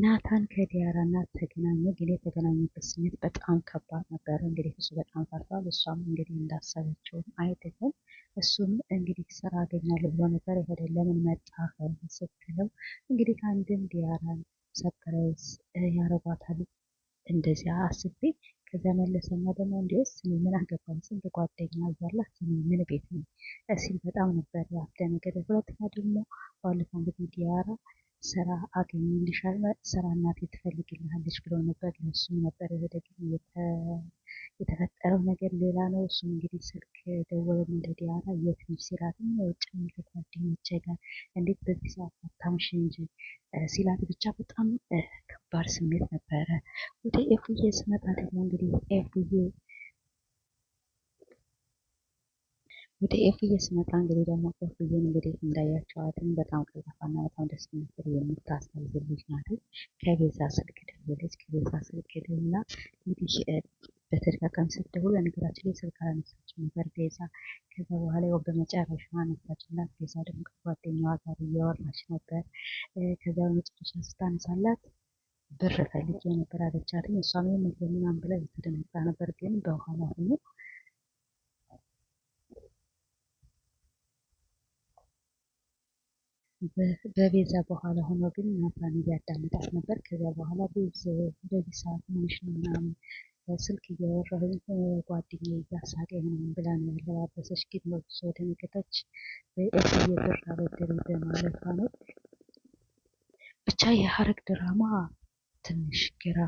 ናታን ከዲያራ እናት ተገናኘ። ግን የተገናኙበት ስሜት በጣም ከባድ ነበር። እንግዲህ እሱ በጣም ፈርቷል። እሷም እንግዲህ እንዳሰበችው አይደለም። እሱም እንግዲህ ስራ አገኛለሁ ብሎ ነበር የሄደ። ለምን መጣህ ስትለው እንግዲህ አንድም ዲያራን ሰርፕራይዝ ያረጓታል እንደዚያ አስቤ ከዛ መለሰና ደግሞ እንዲወስ ምን አገባኝ ስንት ጓደኛ እያላት ምን ቤት ነው ሲል በጣም ነበር ያስደነገጠ። ሁለተኛ ደግሞ ባለፈው እንግዲህ ዲያራ ስራ አገኝልሻል ስራ እናቴ ትፈልግልሃለች ብለው ነበር። ለእሱም ነበር ይሄ ደግሞ የተፈጠረው ነገር ሌላ ነው። እሱም እንግዲህ ስልክ ደወለና ለዲያራ የት ነሽ ሲላትም ውጭ ከጓደኞቼ ጋር እንዴት በዚህ ሰዓት አታምሽ እንጂ ሲላት ብቻ በጣም ከባድ ስሜት ነበረ። ወደ ኤፉዬ ስመጣ ደግሞ እንግዲህ ኤፉዬ ወደ ኤፍዬ ስመጣ እንግዲህ ደግሞ ኤፍዬን እንግዲህ እንዳያቸዋትን በጣም ቀልጣፋና በጣም ደስ የምትል የምታሳዝ ልጅ ናት። ከቤዛ ስልክ ደወለች። ከቤዛ ስልክ ደውላ እንግዲህ በተደጋጋሚ ስትደውል በነገራችን ላይ ስልክ አላነሳችም ነበር ቤዛ። ከዛ በኋላ ያው በመጨረሻ አነሳችላት። ቤዛ ደግሞ ከጓደኛዋ ጋር እያወራች ነበር። ከዛ በመጨረሻ ስታነሳላት ብር ፈልጌ ነበር አለቻትኝ። እሷም የምንገኝ ምናምን ብላ የተደነግጣ ነበር ግን በኋላ ሆኖ በቤዛ በኋላ ሆኖ ግን ናታን እያዳመጣት ነበር። ከዚያ በኋላ ቤዝ በዚህ ሰዓት ምንሽ ነው ምናምን ስልክ እያወራሁኝ ጓደኛዬ እያሳቀኝ ምናምን ብላ ነው ያለባበሰች። ግን መልሶ ደነገጠች። እሱ ብር አበደረኝ በማለቷ ነው። ብቻ የሀረግ ድራማ ትንሽ ግራ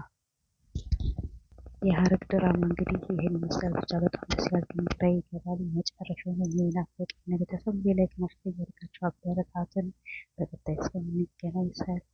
የሀረግ ድራማ እንግዲህ ይህን ይመስላል። ብቻ በጣም ደስ ይላል። ትንትራይ ይገባል። መጨረሻውን የሚናፈቅ ቤተሰብ የላይክ ማሽተግ ያደርጋቸው አበረታትን። በቀጣይ እስከምንገናኝ ሰላም።